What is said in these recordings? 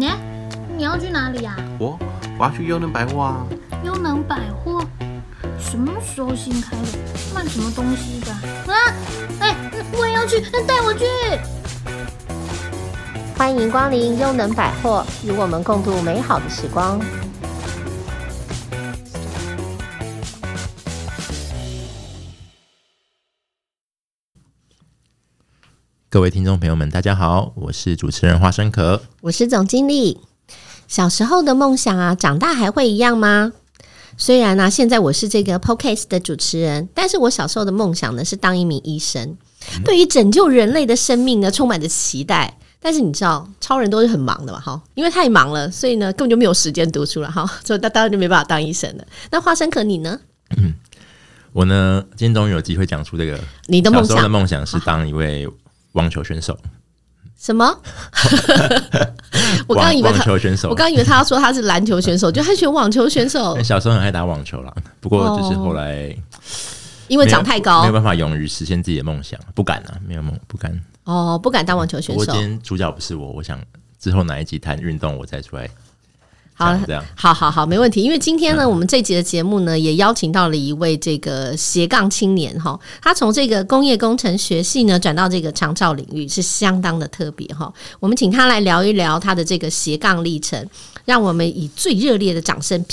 哎、欸，你要去哪裡呀、啊？我我要去優能百貨啊！優能百貨什麼時候新開的？賣什麼東西的？啊！哎、欸，我也要去，那帶我去！歡迎光臨優能百貨，與我們共度美好的時光。各位聽眾朋友們，大家好，我是主持人花生殼，我是總經理。小時候的夢想啊，長大還會一樣嗎？雖然呢、啊，現在我是這個 Podcast 的主持人，但是我小時候的夢想呢是當一名醫生，嗯、對於拯救人類的生命呢充滿着期待。但是你知道，超人都是很忙的嘛，哈，因為太忙了，所以呢根本就沒有時間讀書了，哈，所以他當然就沒辦法當醫生了。那花生殼，你呢？我呢，今天終於有機會講出這個，你的夢想，小時候的夢想是當一位，網球選手？什麼？ 網我剛剛以為他，球選手。我剛剛以為他說他是籃球選手， 就他選網球選手，欸。小時候很愛打網球啦，不過就是後來、哦、因為長太高，沒有，沒有辦法勇於實現自己的夢想，不敢了、啊，沒有夢，不敢。哦，不敢當網球選手。我、嗯、今天主角不是我，我想之後哪一集談運動，我再出來。好，好好好，沒問題。因為今天呢，嗯、我們這集的節目呢，也邀請到了一位這個斜槓青年哈，他從這個工業工程學系呢轉到這個長照領域，是相當的特別哈。我們請他來聊一聊他的這個斜槓歷程，讓我們以最熱烈的掌聲。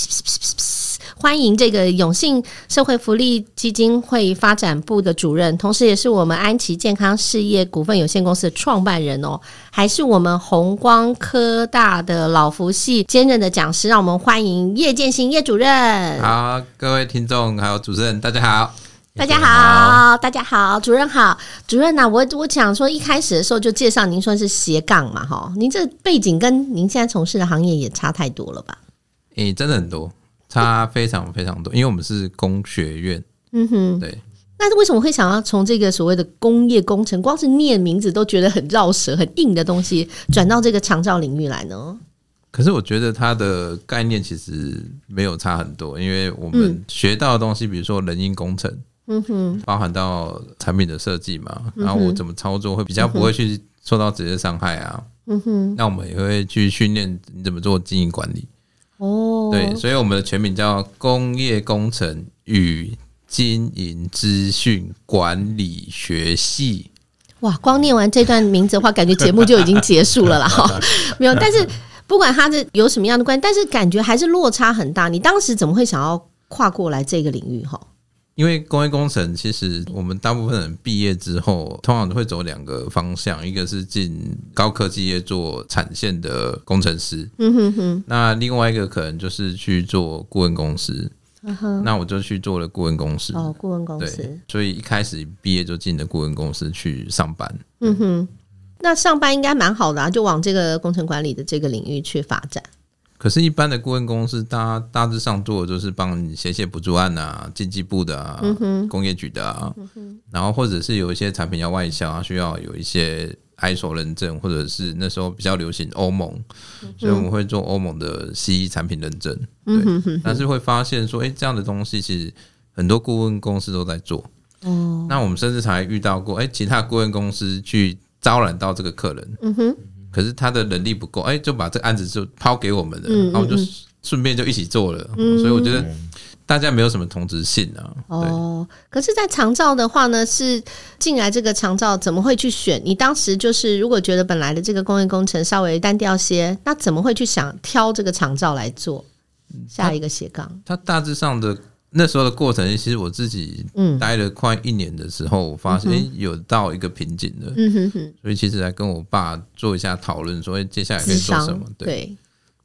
歡迎這個永信社會福利基金會發展部的主任，同時也是我們安琪健康事業股份有限公司的創辦人哦，還是我們弘光科大的老福系兼任的講師。讓我們歡迎葉建鑫葉主任。好，各位聽眾，還有主持人，大家好，大家好，好，大家好，主任好，主任吶、啊，我我想說一開始的時候就介紹您說是斜槓嘛哈，您這背景跟您現在從事的行業也差太多了吧？誒、欸，真的很多。差非常非常多，因為我們是工學院，嗯哼，對。那為什麼會想要從這個所謂的工業工程，光是念名字都覺得很繞舌、很硬的東西，轉到這個長照領域來呢？可是我覺得它的概念其實沒有差很多，因為我們學到的東西，嗯、比如說人因工程，嗯哼，包含到產品的設計嘛，嗯哼，然後我怎麼操作會比較不會去受到直接傷害啊，嗯哼。那我們也會去訓練你怎麼做經營管理。哦，oh, 對，所以我們的全名叫工業工程與經營資訊管理學系。哇，光念完這段名字的話， 感覺節目就已經結束了啦。哈。 沒有，但是不管他是有什麼樣的關係，但是感覺還是落差很大。你當時怎麼會想要跨過來這個領域哈？因為工業工程，其實我們大部分人畢業之後，通常都會走兩個方向，一個是進高科技業做產線的工程師，嗯哼哼。那另外一個可能就是去做顧問公司，嗯哼，那我就去做了顧問公司。哦，顧問公司。對。所以一開始畢業就進的顧問公司去上班。嗯哼。那上班應該蠻好的啊，就往這個工程管理的這個領域去發展。可是，一般的顧問公司大大致上做的就是幫你寫寫補助案啊，經濟部的啊，嗯、哼工業局的啊，嗯、哼然後或者是有一些產品要外銷啊，需要有一些 ISO 認證，或者是那時候比較流行歐盟，所以我們會做歐盟的 CE 產品認證。嗯、對，嗯、哼哼哼但是會發現說，哎、欸，這樣的東西其實很多顧問公司都在做。哦，那我們甚至才遇到過，欸、其他顧問公司去招攬到這個客人。嗯哼。可是他的能力不夠，哎、欸，就把這個案子就拋給我們了，嗯嗯嗯，然後我就順便就一起做了。所以我覺得大家沒有什麼同質性啊。哦，可是，在長照的話呢，是進來這個長照，怎麼會去選？你當時就是如果覺得本來的這個工業工程稍微單調些，那怎麼會去想挑這個長照來做？嗯、下一個斜槓，它大致上的。那時候的過程，其實我自己待了快一年的時候，嗯、我發現有到一個瓶頸了。嗯、哼哼，所以其實來跟我爸做一下討論，說接下來可以做什麼？對。對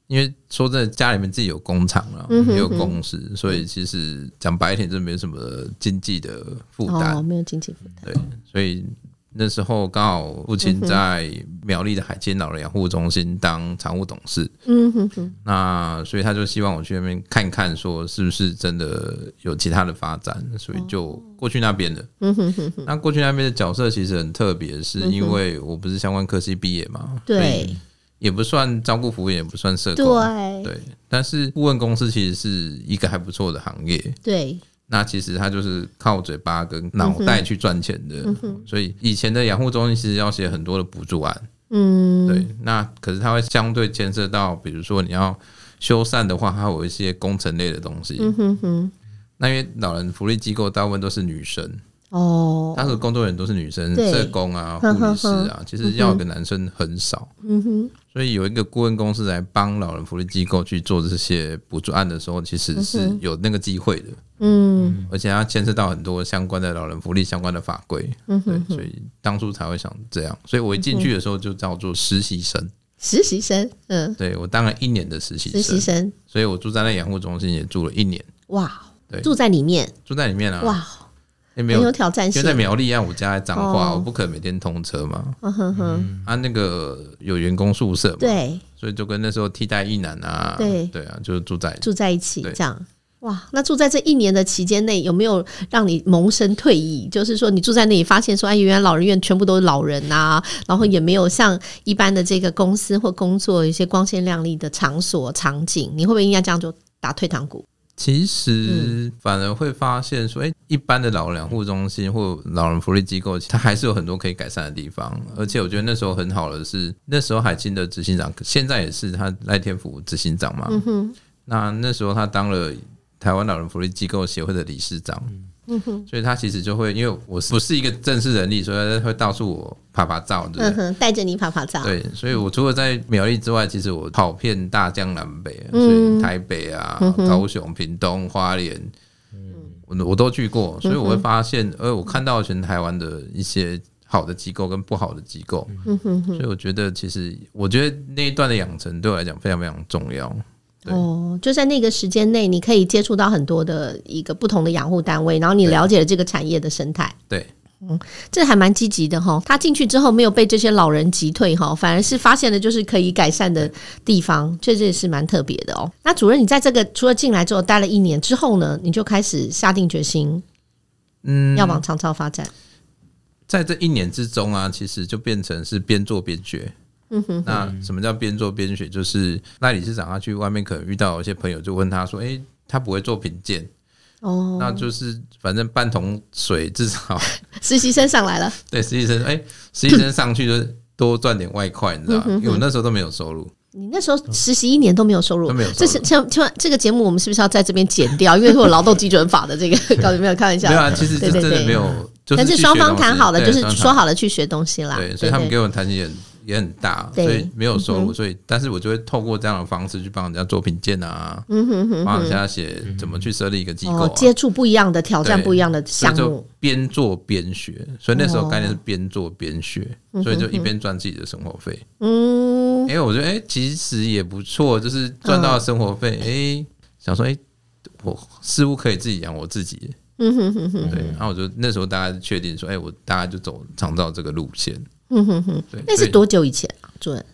因為說在家裡面自己有工廠了，也有公司，嗯、哼哼，所以其實講白一點就沒有什麼經濟的負擔，哦，沒有經濟負擔。對，所以。那時候剛好父親在苗栗的海津老人養護中心當常務董事，嗯哼哼，那所以他就希望我去那邊看看，說是不是真的有其他的發展，所以就過去那邊了。嗯哼哼，那過去那邊的角色其實很特別，是因為我不是相關科系畢業嘛，對、嗯哼，也不算照顧服務，也不算社工，對對，但是顧問公司其實是一個還不錯的行業，對。那其實他就是靠嘴巴跟腦袋去賺錢的，嗯嗯、所以以前的養護中心其實要寫很多的補助案。嗯，對。那可是他會相對牽涉到，比如說你要修繕的話，它會有一些工程類的東西。嗯哼哼。那因為老人福利機構大部分都是女生。哦，當時工作人員都是女生，社工啊、護理師啊，其實要個男生很少。嗯哼，所以有一個顧問公司來幫老人福利機構去做這些補助案的時候，其實是有那個機會的。嗯，而且要牽涉到很多相關的老人福利相關的法規。嗯哼，所以當初才會想這樣。所以我一進去的時候就叫做實習生。實習生，嗯，對，我當了一年的實習生。實習生，所以我住在那養護中心也住了一年。哇，對，住在裡面，住在裡面啊。哇。也、欸、沒有，有挑戰性，因為在苗栗，按我家在彰化，哦、我不可能每天通車嘛。嗯、啊，那個有員工宿舍嘛，對，所以就跟那時候替代役男啊，對對啊，就是住在住在一起這樣。哇，那住在這一年的期間內，有沒有讓你萌生退意？就是說，你住在那裡發現說，哎，原來老人院全部都是老人啊，然後也沒有像一般的這個公司或工作一些光鮮亮麗的場所場景，你會不會應該這樣就打退堂鼓？其實反而會發現說，哎、欸，一般的老人護中心或老人福利機構，它還是有很多可以改善的地方。而且我覺得那時候很好的是，那時候海清的執行長，現在也是他賴添福執行長嘛。嗯、哼那那時候他當了台灣老人福利機構協會的理事長。嗯所以他其實就會，因為我不是一個正式人力，所以會告訴我拍拍照，對對，嗯哼，帶着你拍拍照，對，所以我除了在苗栗之外，其實我跑遍大江南北，所以台北啊、嗯、哼高雄、屏東、花蓮，嗯、哼我都去過，所以我會發現，呃、嗯哼，而我看到全台灣的一些好的機構跟不好的機構，嗯、哼所以我覺得，其實我覺得那一段的養成對我來講非常非常重要。對哦，就在那個時間內，你可以接觸到很多的一個不同的養護單位，然後你了解了這個產業的生態。對，嗯，這還蠻積極的哈、哦。他進去之後沒有被這些老人擊退哈、哦，反而是發現了就是可以改善的地方，確對實是蠻特別的哦。那主任，你在這個除了進來之後待了一年之後呢，你就開始下定決心，嗯，要往長照發展。在這一年之中啊，其實就變成是邊做邊學。嗯哼，那什麼叫邊做邊學？就是那理事長他去外面可能遇到一些朋友，就問他說：“哎，他不會做品鑑哦，那就是反正半桶水至少。”實習生上來了，對，實習生，哎，實習生上去就多賺點外快，你知道嗎？因為我那時候都沒有收入。你那時候實習一年都沒有收入，沒有。這是千聽這個節目，我們是不是要在這邊剪掉？因為會有勞動基準法的這個，搞沒有開玩笑？對啊，其實真的沒有。但是雙方談好了，就是說好了去學東西啦。對，所以他們給我們談一點。也很大，對所以沒有收入，嗯、哼所以但是我就會透過這樣的方式去幫人家做品鑑啊，幫、嗯嗯、人家寫、嗯、哼怎麼去設立一個機構、啊哦，接觸不一樣的挑戰，不一樣的項目，邊做邊學。所以那時候概念是邊做邊學，哦、所以就一邊賺自己的生活費。嗯，嗯，因、欸、我覺得，哎、欸，其實也不錯，就是賺到了生活費。哎、嗯欸，想說，哎、欸，我似乎可以自己養我自己。嗯，哼嗯哼對，然後我就那時候大家就確定說，哎、欸，我大家就走長照這個路線。嗯哼哼，那是多久以前啊，主任？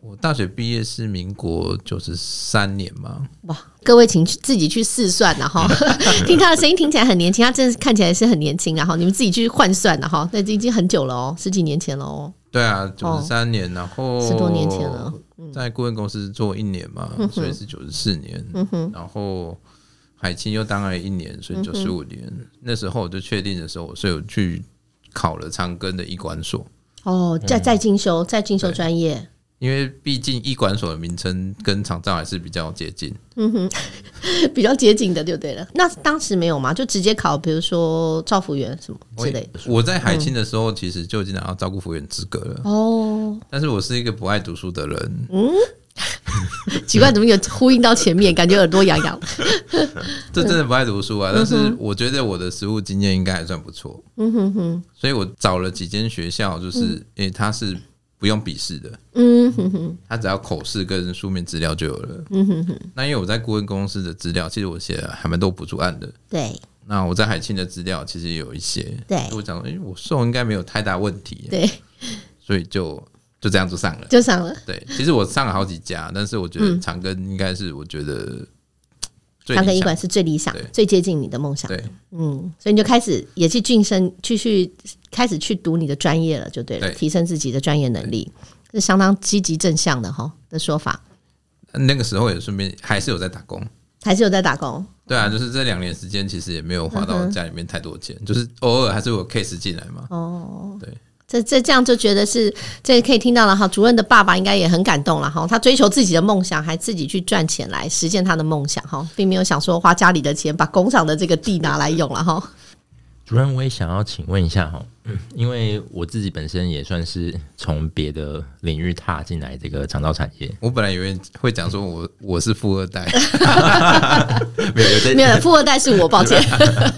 我大學畢業是民國九十三年嘛。哇，各位請自己去試算的，啊，哈。 聽他的聲音聽起來很年輕，他真的是看起來是很年輕，啊，然後對你們自己去換算的，啊，哈。那已經很久了哦，十幾年前了哦。對啊，九十三年，哦，然後十多年前了，在顧問公司做一年嘛，年所以是九十四年。嗯，哼然後海清又當了一年，所以九十五年。嗯，哼那時候我就確定的時候，所以我是有去考了長庚的醫管所。哦，在在進修，嗯、在進修專業，因為畢竟醫管所的名稱跟長照還是比較接近，嗯哼，比較接近的就對了。 那當時沒有嗎？就直接考，比如說照服員什麼之類的我。我在海清的時候，嗯、其實就已經拿到照顧服務員資格了。哦，但是我是一個不愛讀書的人。嗯。奇怪，怎麼有呼應到前面？感覺耳朵癢癢。這真的不愛讀書啊，但是我覺得我的實務經驗應該還算不錯。嗯哼哼，所以我找了幾間學校，就是欸，他是不用筆試的。嗯哼哼，他只要口試跟書面資料就有了。嗯哼哼。那因為我在顧問公司的資料，其實我寫了還蠻多補助案的。對。那我在永信的資料，其實也有一些。對。所以我講，哎，我送應該沒有太大問題。對。所以就。就這樣就上了，就上了。對，其實我上了好幾家，但是我覺得長庚應該是我覺得、嗯、長庚醫管是最理想、對最接近你的夢想。對，嗯，所以你就開始也去晉升，繼續開始去讀你的專業了，就對了，對提升自己的專業能力，對是相當積極正向的哈的說法。那個時候也順便還是有在打工，還是有在打工。打工對啊，就是這兩年時間，其實也沒有花到家裡面太多錢，嗯、哼就是偶爾還是會有 case 進來嘛。哦，對。這這這樣就覺得是這可以聽到了哈，主任的爸爸應該也很感動了哈、哦，他追求自己的夢想，還自己去賺錢來實現他的夢想哈、哦，並沒有想說花家裡的錢把工廠的這個地拿來用了哈。哦、主任，我也想要請問一下哈，因為我自己本身也算是從別的領域踏進來這個長照產業，我本來以為會講說我我是富二代， 沒有，沒有富二代是我，抱歉，是，吧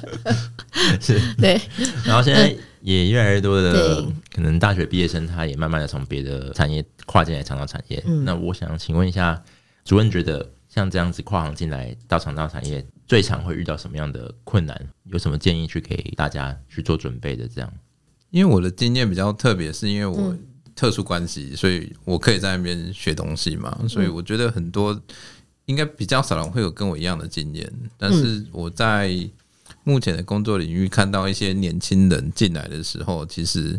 是，對，然後現在。嗯也越來越多的對可能大學畢業生，他也慢慢的從別的產業跨進來長照產業。嗯、那我想請問一下主任，覺得像這樣子跨行進來到長照產業，最常會遇到什麼樣的困難？有什麼建議去給大家去做準備的？這樣，因為我的經驗比較特別，是因為我特殊關係，嗯、所以我可以在那邊學東西嘛。所以我覺得很多應該比較少人會有跟我一樣的經驗，但是我在目前的工作領域，看到一些年輕人進來的時候，其實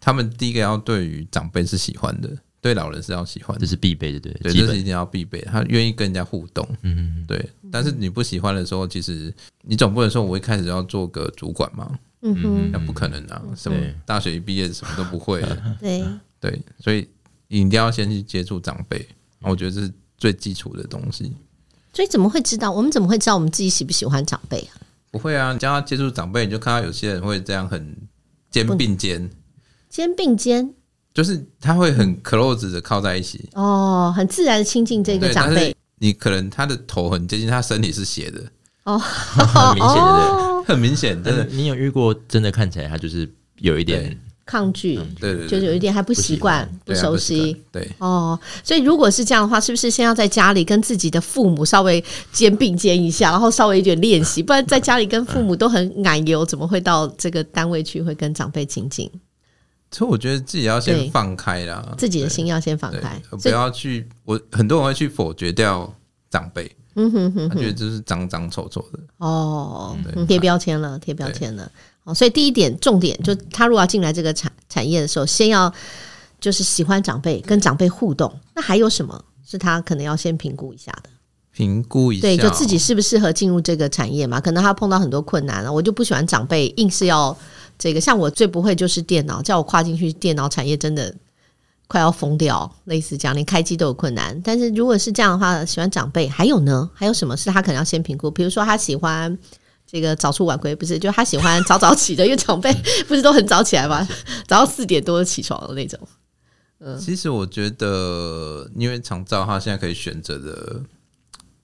他們第一個要對於長輩是喜歡的，對老人是要喜歡的，這是必備的，對，對，基本，這是一定要必備的。他願意跟人家互動，嗯，對。嗯哼，但是你不喜歡的時候，其實你總不能說我一開始要做個主管嘛，嗯哼，那不可能啊，什麼大學一畢業什麼都不會，對對，對，所以你一定要先去接觸長輩，我覺得這是最基礎的東西。所以怎麼會知道？我們怎麼會知道我們自己喜不喜歡長輩啊？不會啊，你他接觸長輩，你就看到有些人會這樣很肩並肩，肩並肩，就是他會很 close 的靠在一起。哦，很自然的親近這個長輩。你可能他的頭很接近，他身體是斜的。哦，很 明顯的，對。哦，很明顯。真的，但是你有遇過真的看起來他就是有一點。抗拒，對，就是有一點還不習慣，不熟悉，對，哦，所以如果是這樣的話，是不是先要在家裡跟自己的父母稍微肩並肩一下，然後稍微一點練習，不然在家裡跟父母都很難油，怎麼會到這個單位去會跟長輩親近？所以我覺得自己要先放開啦，自己的心要先放開，不要去。我很多人會去否決掉長輩，嗯哼哼，覺得就是髒髒臭臭的，哦，貼標籤了，貼標籤了。所以第一點重點就他如果要進來這個產產業的時候，先要就是喜歡長輩，跟長輩互動。那還有什麼是他可能要先評估一下的？評估一下，對，就自己適不適合進入這個產業嘛？可能他碰到很多困難了。我就不喜歡長輩，硬是要這個。像我最不會就是電腦，叫我跨進去電腦產業，真的快要瘋掉，類似這樣，連開機都有困難。但是如果是這樣的話，喜歡長輩，還有呢？還有什麼是他可能要先評估？比如說他喜歡。這個早出晚歸不是，就他喜歡早早起的， 因為長輩不是都很早起來嗎？嗯、早上四點多起床的那種。呃、其實我覺得，因為長照他現在可以選擇的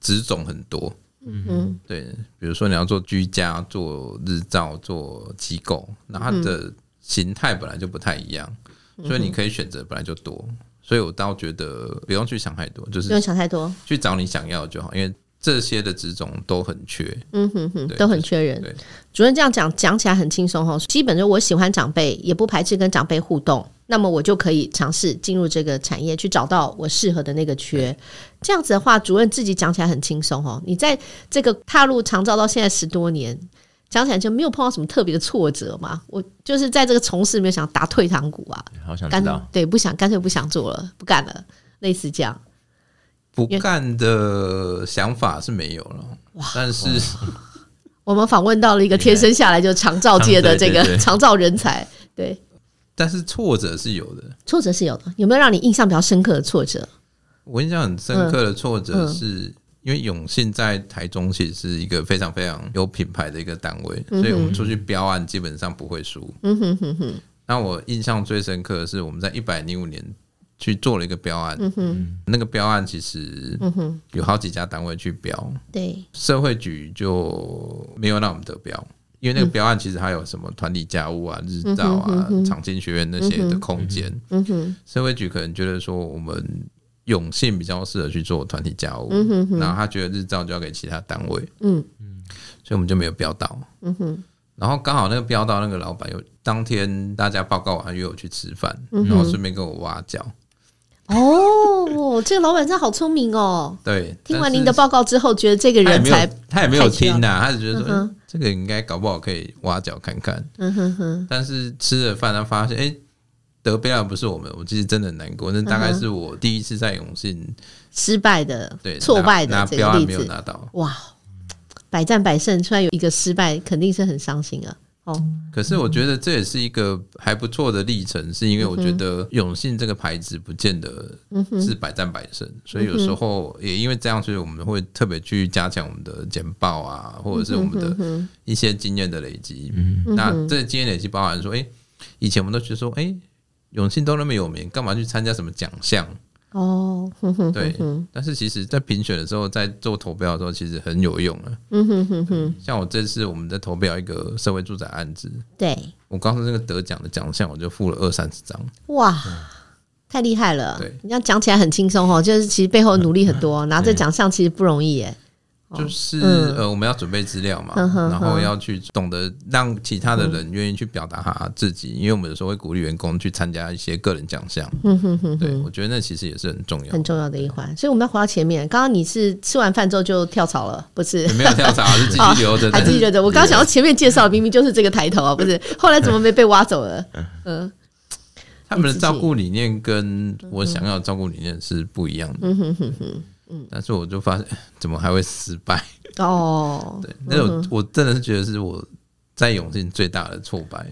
職種很多。嗯嗯哼，對，比如說你要做居家、做日照、做機構，那它的形態本來就不太一樣，嗯、哼所以你可以選擇本來就多。所以我倒覺得不用去想太多，就是就不用想太多，去找你想要的就好，因為。這些的職種都很缺，嗯哼哼，對都很缺人。對主任這樣講講起來很輕鬆哦，基本就我喜歡長輩，也不排斥跟長輩互動，那麼我就可以嘗試進入這個產業，去找到我適合的那個缺。對這樣子的話，主任自己講起來很輕鬆哦。你在這個踏入長照到現在十多年，講起來就沒有碰到什麼特別的挫折嘛？我就是在這個從事沒有想打退堂鼓啊，好想知道，對，不想，乾脆不想做了，不幹了，類似這樣。不幹的想法是沒有了，哇但是、哦、我們訪問到了一個天生下來就長照界的這個、啊、對對對長照人才，對。但是挫折是有的，挫折是有的。有沒有讓你印象比較深刻的挫折？我印象很深刻的挫折是、嗯嗯、因為永信在台中其實是一個非常非常有品牌的一個單位，嗯、哼所以我們出去標案基本上不會輸。嗯哼哼哼。那我印象最深刻的是我們在一百零五年。去做了一個標案，那個標案其實，有好幾家單位去標，對，社會局就沒有讓我們得標，因為那個標案其實還有什麼團體家務啊、日照啊、長青學院那些的空間，社會局可能覺得說我們永信比較適合去做團體家務，然後他覺得日照交給其他單位，所以我們就沒有標到，然後剛好那個標到那個老闆有當天大家報告完約我去吃飯，然後順便跟我挖角。哦，這個老闆真的好聰明哦。對，聽完您的報告之後，覺得這個人才他也沒有聽吶，他只覺得說這個應該搞不好可以挖角看看。嗯哼哼。但是吃了飯，他發現哎，得標案不是我們，我其實真的很難過。那大概是我第一次在永信失敗的，對，挫敗的這個案子沒有拿到。哇，百戰百勝，突然有一個失敗，肯定是很傷心啊。哦、可是我覺得這也是一個還不錯的歷程，嗯、哼是因為我覺得永信這個牌子不見得是百戰百勝，嗯嗯、所以有時候也因為這樣，所以我們會特別去加強我們的簡報啊，或者是我們的一些經驗的累積。嗯嗯、那這經驗累積包含說，哎、欸，以前我們都覺得說，哎、欸，永信都那麼有名，幹嘛去參加什麼獎項？哦，哼哼哼哼，對，但是其實在評選的時候，在做投標的時候，其實很有用啊。嗯哼哼哼，像我這次我們在投標一個社會住宅案子，對我剛剛那個得獎的獎項，我就付了二三十張，哇，對太厲害了。對，你要講起來很輕鬆哦，就是其實背後努力很多，拿，嗯嗯、這獎項其實不容易耶。嗯就是呃，我們要準備資料嘛，然後要去懂得讓其他的人願意去表達他自己，因為我們有時候會鼓勵員工去參加一些個人獎項。對，我覺得那其實也是很重要，很重要的一環。所以我們要回到前面，剛剛你是吃完飯之後就跳槽了，不是？你沒有跳槽，是自己留着，還自己留着。我剛想到前面介紹，明明就是這個抬頭啊，不是？後來怎麼沒被挖走了？嗯，他們的照顧理念跟我想要照顧理念是不一樣的。嗯哼哼哼。嗯，但是我就發現，怎麼還會失敗？哦，對，那種、嗯、哼我真的是覺得是我在永信最大的挫敗。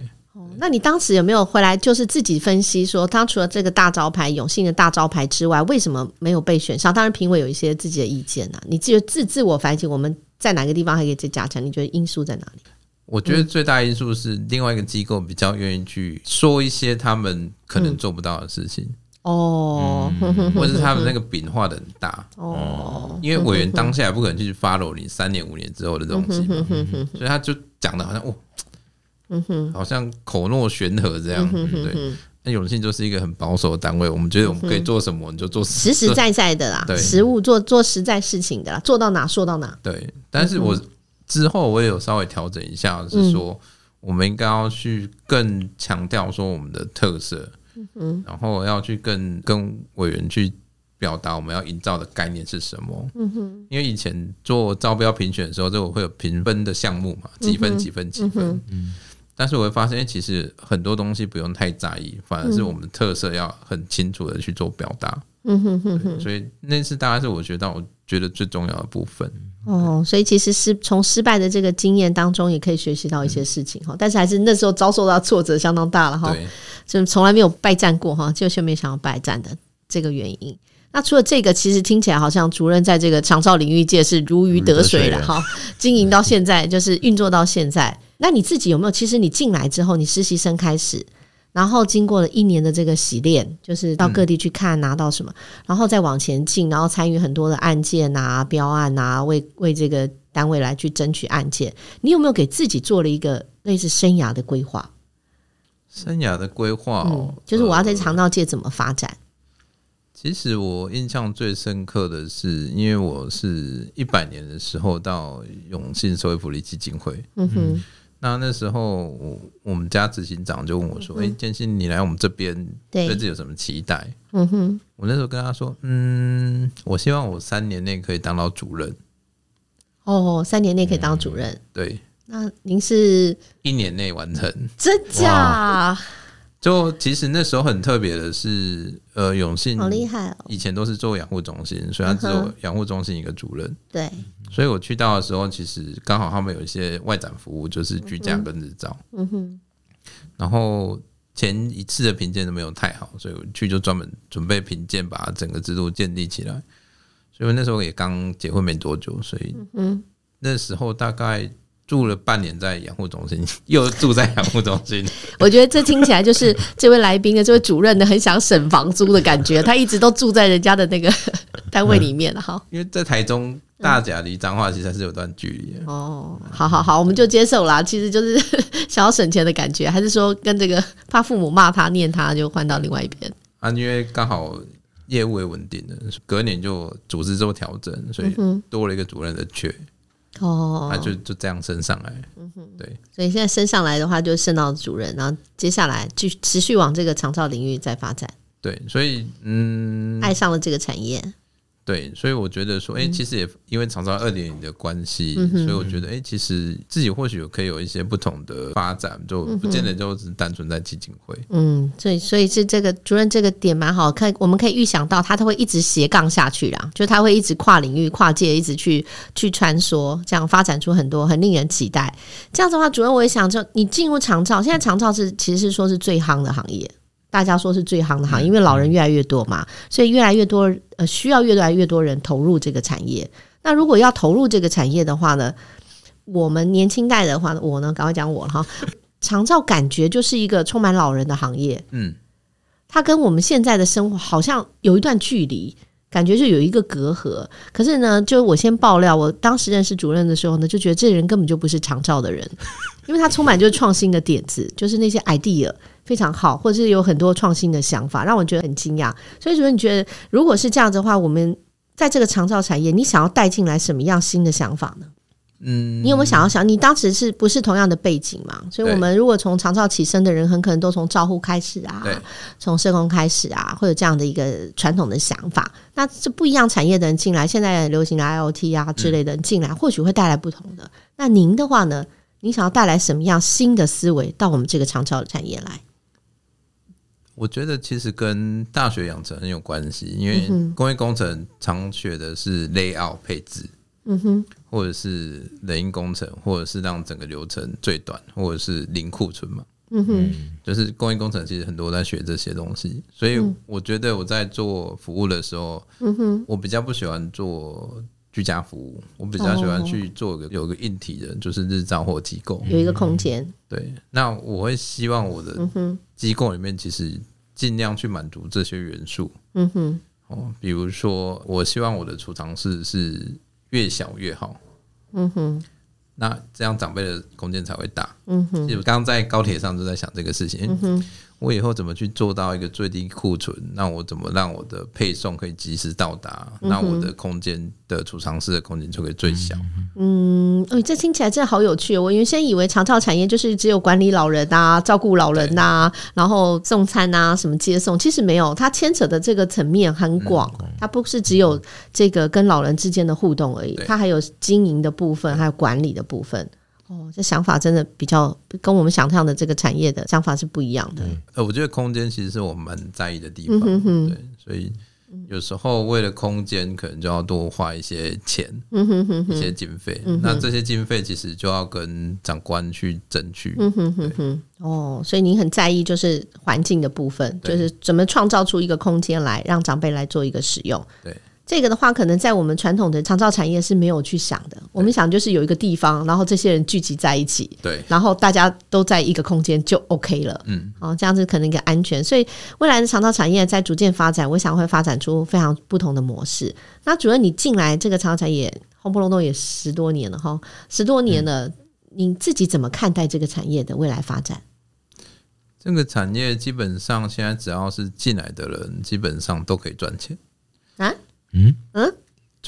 那你當時有沒有回來，就是自己分析說，他除了這個大招牌，永信的大招牌之外，為什麼沒有被選上？當然，評委有一些自己的意見啊。你自己自自我反省，我們在哪個地方還可以再加強？你覺得因素在哪裡？我覺得最大因素是另外一個機構比較願意去說一些他們可能做不到的事情。嗯哦，或者是他的那個餅畫的很大哦，因為委員當下也不可能繼續 follow 你三年五年之後的東西，所以他就講的好像哦，嗯哼，好像口若懸河這樣，對，那永信就是一個很保守的單位，我們覺得我們可以做什麼，你就做實實在在的啦，實物做做實在事情的啦，做到哪說到哪。對，但是我之後我也有稍微調整一下，是說我們應該要去更強調說我們的特色。嗯，然後要去跟跟委員去表達我們要營造的概念是什麼。嗯哼，因為以前做招標評選的時候，就我會有評分的項目嘛，幾分幾分幾分，幾分。嗯哼，但是我會發現，其實很多東西不用太在意，反而是我們特色要很清楚的去做表達。嗯哼，嗯嗯哼哼哼，所以那次大家是我覺得我覺得最重要的部分哦。所以其實是從失敗的這個經驗當中，也可以學習到一些事情哈。嗯、但是還是那時候遭受到挫折相當大了哈對，就從來沒有敗戰過哈，就是沒想要敗戰的這個原因。那除了這個，其實聽起來好像主任在這個長照領域界是如魚得水了哈、嗯，經營到現在對就是運作到現在。那你自己有沒有？其實你進來之後，你實習生開始。然後經過了一年的這個洗練，就是到各地去看，啊、拿、嗯、到什麼，然後再往前進，然後參與很多的案件啊、標案啊，為為這個單位來去爭取案件。你有沒有給自己做了一個類似生涯的規劃？生涯的規劃哦、嗯，就是我要在長照界怎麼發展、嗯。其實我印象最深刻的，是因為我是一百年的時候到永信社會福利基金會。嗯哼。嗯那那時候，我我們家執行長就問我說：“哎、嗯哼，建鑫、欸，你來我們這邊，對，對自己有什麼期待？”嗯哼，我那時候跟他說：“嗯，我希望我三年內可以當到主任。”哦，三年內可以當主任，嗯、對。那您是一年內完成？真假？就其實那時候很特別的是，呃，永信好厲害哦，以前都是做養護中心，哦、所以他只有養護中心一個主任。嗯、對，所以我去到的時候，其實剛好他們有一些外展服務，就是居家跟日照。嗯嗯、然後前一次的評鑑都沒有太好，所以我去就專門準備評鑑，把整個制度建立起來。所以我那時候也剛結婚沒多久，所以嗯，那時候大概。住了半年在養護中心，又住在養護中心。 我覺得這聽起來就是這位來賓的 這位主任呢，很想省房租的感覺。他一直都住在人家的那個單位裡面哈。因為在台中大甲離彰化其實還是有段距離的。哦、嗯，嗯、好好好，我們就接受了。其實就是想要省錢的感覺，還是說跟這個怕父母罵他、念他就換到另外一邊？啊、嗯，因為剛好業務也穩定了，隔年就組織做調整，所以多了一個主任的缺。嗯嗯哦，oh, 那就就這樣升上來，嗯哼對。所以現在升上來的話，就是升到主任，然後接下來繼續持續往這個長照領域再發展。對，所以嗯，愛上了這個產業。對，所以我覺得說，哎、欸，其實也因為長照二點零的關係，嗯、哼所以我覺得，欸、其實自己或許有可以有一些不同的發展，就不見得就只單純在基金會。嗯，所以是這個主任這個點蠻好，可以我們可以預想到他都會一直斜槓下去了，就他會一直跨領域、跨界，一直去去穿梭，這樣發展出很多很令人期待。這樣子的話，主任，我也想說，你進入長照，現在長照是其實是說是最夯的行業。大家說是最夯的行業，因為老人越來越多嘛，所以越來越多呃，需要越來越多人投入這個產業。那如果要投入這個產業的話呢，我們年輕代的話，我呢，趕快講我了哈，長照感覺就是一個充滿老人的行業，嗯，它跟我們現在的生活好像有一段距離，感覺就有一個隔閡。可是呢，就我先爆料，我當時認識主任的時候呢，就覺得這人根本就不是長照的人。因為它充滿就是創新的點子，就是那些 idea 非常好，或者是有很多創新的想法，讓我覺得很驚訝。所以，說你覺得，如果是這樣子的話，我們在這個長照產業，你想要帶進來什麼樣新的想法呢？嗯，你有沒有想要想？你當時是不是同樣的背景嘛？所以我們如果從長照起身的人，對很可能都從照護開始啊，從對社工開始啊，會有這樣的一個傳統的想法。那這不一樣產業的人進來，現在流行的 IoT 啊之類的進來，嗯、或許會帶來不同的。那您的話呢？你想要帶來什麼樣新的思維到我們這個長照產業來？我覺得其實跟大學養成很有關係，因為工業工程常學的是 layout 配置，嗯哼，或者是人因工程，或者是讓整個流程最短，或者是零庫存嘛，嗯哼，就是工業工程其實很多在學這些東西，所以我覺得我在做服務的時候，嗯哼，我比較不喜歡做居家服務，我比較喜歡去做一個有一個硬體的，就是日照或機構，有一個空間。嗯。對，那我會希望我的機構裡面其實盡量去滿足這些元素。嗯哼。哦，比如說我希望我的儲藏室是越小越好。嗯哼，那這樣長輩的空間才會大。嗯哼，剛剛在高鐵上就在想這個事情。嗯哼。我以後怎麼去做到一個最低庫存？那我怎麼讓我的配送可以及時到達？嗯、哼那我的空間的儲藏室的空間就可以最小。嗯、欸，這聽起來真的好有趣，哦。我原先以為長照產業就是只有管理老人吶、啊、照顧老人吶、啊、對然後送餐吶、啊、什麼接送，其實沒有，它牽扯的這個層面很廣，嗯、哼它不是只有這個跟老人之間的互動而已，對它還有經營的部分，還有管理的部分。哦，這想法真的比較跟我們想象的這個產業的想法是不一樣的。呃，我覺得空間其實是我很在意的地方，嗯、哼哼對，所以有時候為了空間，可能就要多花一些錢，嗯、哼哼哼一些經費。嗯、哼那這些經費其實就要跟長官去爭取。嗯哼哼對哦，所以您很在意就是環境的部分，對就是怎麼創造出一個空間來讓長輩來做一個使用。對。這個的話，可能在我們傳統的長照產業是沒有去想的。對我們想就是有一個地方，然後這些人聚集在一起，對，然後大家都在一個空間就 OK 了，嗯，哦，這樣子可能更安全。所以未來的長照產業在逐漸發展，我想會發展出非常不同的模式。那主任，你進來這個長照產業轟轟隆隆也十多年了哈，十多年了，嗯，你自己怎麼看待這個產業的未來發展？這個產業基本上現在只要是進來的人，基本上都可以賺錢啊。嗯嗯，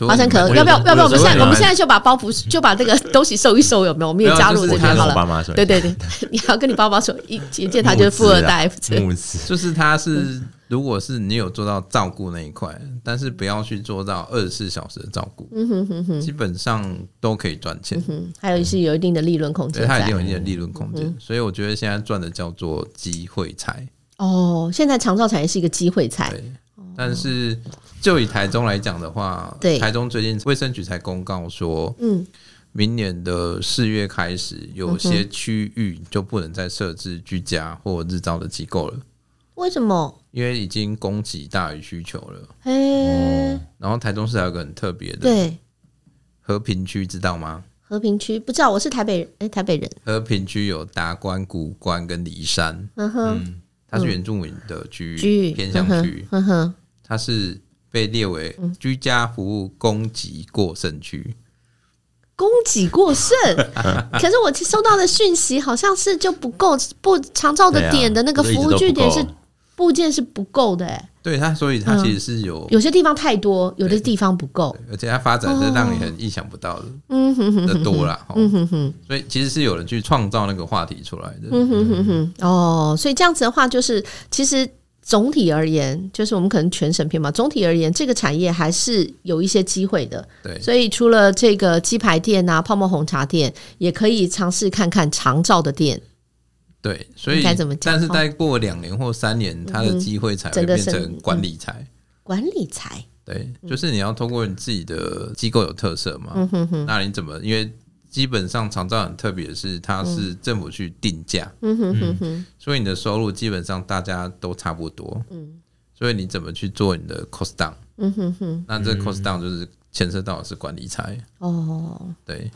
華生可要不要要不要？我們現我們現在就把包袱就把這個東西收一收，有沒有？我們也加入這邊好了。對對對，你要跟你爸爸說，一見他就是富二代。就是他，是如果是你有做到照顧那一塊，但是不要去做到二十四小時的照顧，嗯哼哼基本上都可以賺錢。嗯，還有是有一定的利潤空間，他有一定一定的利潤空間，所以我覺得現在賺的叫做機會財。哦，現在長照才是一個機會財，但是。就以台中來講的話，台中最近衛生局才公告說，明年的四月開始，有些區域就不能再設置居家或日照的機構了。為什麼？因為已經供給大於需求了。哎，然後台中市還有個很特別的，對和平區知道嗎？和平區不知道，我是台北人。哎，台北人，和平區有達觀、谷關跟梨山。嗯哼，它是原住民的區域，偏向區域。它是。被列為居家服務供給過剩區，供給、嗯、過剩。 可是我收到的訊息好像是就不夠，不長照的點的那個服務據點是、啊、不是，不是部件是不夠的、欸。對它，所以它其實是有、嗯、有些地方太多，有的地方不夠，而且它發展是讓你很意想不到的，嗯哼、哦、的多了，嗯哼哼。所以其實是有人去創造那個話題出來的，嗯，嗯哼哼哼。哦，所以這樣子的話，就是其實。總體而言，就是我們可能全省偏嘛。總體而言，這個產業還是有一些機會的。對，所以除了這個雞排店啊、泡沫紅茶店，也可以嘗試看看長照的店。對，所以該怎麼講？但是再過兩年或三年，它的機會才會變成管理財、嗯嗯。管理財。對，就是你要通過你自己的機構有特色嘛。嗯、哼哼，那你怎麼，因為？基本上，長照很特別的是，它是政府去定價、嗯嗯嗯，所以你的收入基本上大家都差不多。嗯、所以你怎麼去做你的 cost down？嗯、哼哼，那這個 cost down 就是牽涉到是管理財。哦、嗯，對。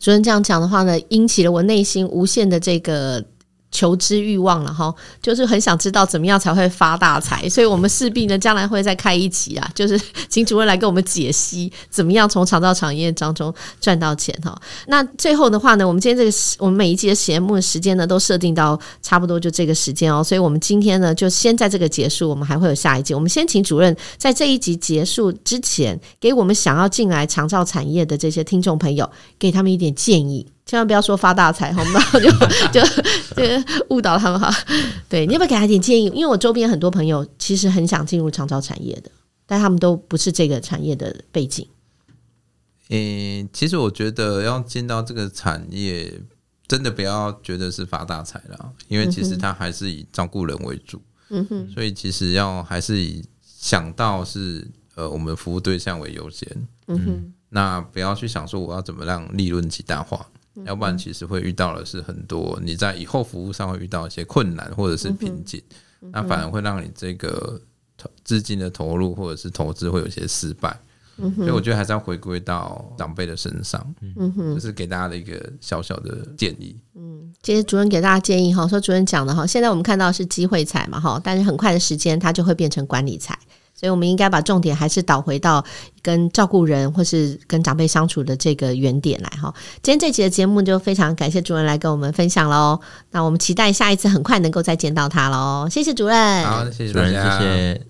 主任、嗯、這樣講的話呢，引起了我內心無限的這個。求知慾望了哈，就是很想知道怎麼樣才會發大財，所以我們勢必呢將來會再開一集啊，就是請主任來給我們解析怎麼樣從長照產業當中賺到錢哈。那最後的話呢，我們今天這個我們每一集的節目的時間呢，都設定到差不多就這個時間哦，所以我們今天呢就先在這個結束，我們還會有下一集。我們先請主任在這一集結束之前，給我們想要進來長照產業的這些聽眾朋友，給他們一點建議。千萬不要說發大財，好嗎？ 就就就誤導他們哈。對，你要不要給他點建議？因為我周邊很多朋友其實很想進入長照產業的，但他們都不是這個產業的背景。嗯、欸，其實我覺得要進到這個產業，真的不要覺得是發大財了，因為其實它還是以照顧人為主。嗯哼，所以其實要還是以想到是呃，我們服務對象為優先。嗯哼嗯，那不要去想說我要怎麼讓利潤極大化。要不然，其實會遇到的是很多你在以後服務上會遇到一些困難或者是瓶頸，嗯嗯、那反而會讓你這個資金的投入或者是投資會有些失敗，嗯、哼所以我覺得還是要回歸到長輩的身上，嗯哼，是給大家的一個小小的建議。嗯，嗯，其實主任給大家建議哈，說主任講的哈，現在我們看到的是機會財嘛哈，但是很快的時間它就會變成管理財。所以，我們應該把重點還是導回到跟照顧人或是跟長輩相處的這個原點來哈。今天這集的節目就非常感謝主任來跟我們分享嘍。那我們期待下一次很快能夠再見到他嘍。謝謝主任，好，謝謝主任，謝謝。